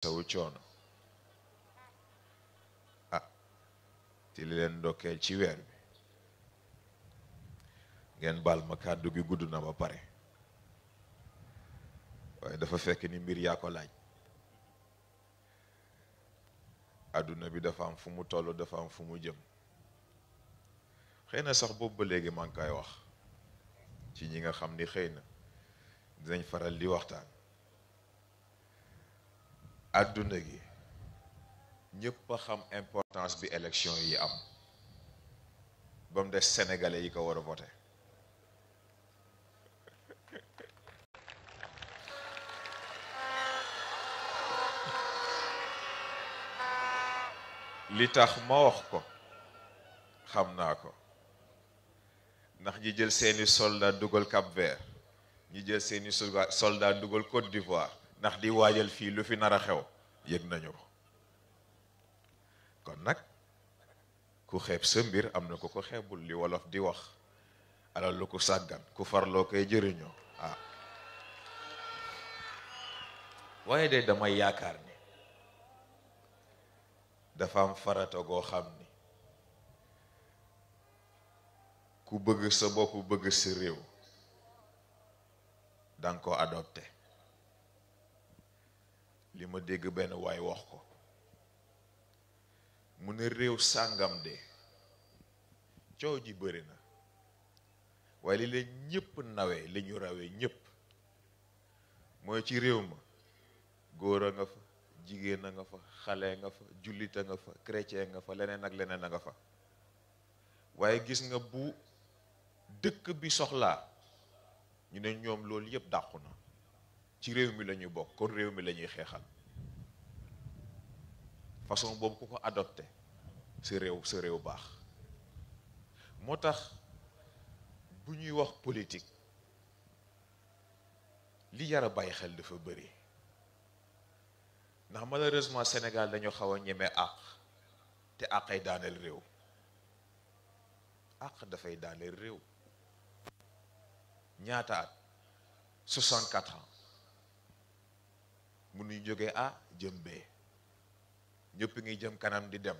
tawu coono ah ti li leen ndokkeel ci weer bi ngeen baal ma kàddu gi gudd na ba pare waaye dafa fekk ni mbir yaa ko laaj àdduna bi dafa am fu mu dafa am fu mu jëm xëy na sax boobu ba léegi maa ngi koy wax ci ñi nga xam ni xëy na dinañ faral di waxtaan àdduna gi ñëpp a xam importance bi élection yi am ba mu des sénégalais yi ko war a voté li tax ma wax ko xam naa ko ndax ñi jël seeni soldat dugal Cap Vert ñi jël seeni soldaa dugal Côte d'Ivoire ndax di waajal fii lu fi nar a xew yëg nañu ko kon nag ku xeeb sa mbir am na ko ko xeebul li wolof di wax alal lu ko sàggan ku farloo koy jëriñoo ah waaye de damay yaakaar ni dafa am farata goo xam ni ku bëgg sa bopp bëgg sa réew danga ko adopté li ma dégg benn waay wax ko mu ne réew sàngam de coow ji bëri na waaye li leen ñëpp nawe li ñu rawee ñëpp mooy ci réew ma góor a nga fa jigéen a nga fa xale nga fa jullit a nga fa chrétien nga fa leneen ak leneen a nga fa waaye gis nga bu dëkk bi soxlaa ñu ne ñoom loolu yëpp dàqu na ci réew mi la ñuy bokk kon réew mi la ñuy xeexal façon boobu ku ko adopté sa réew sa réew baax moo tax bu ñuy wax politik li yara bàyyi xel dafa bëri ndax malheureusement Sénégal dañu xaw a ñeme àq te àq ay daaneel réew àq dafay daaneel réew ñaata at 64 ans jóge A jëm B ñëpp ngi jëm kanam di dem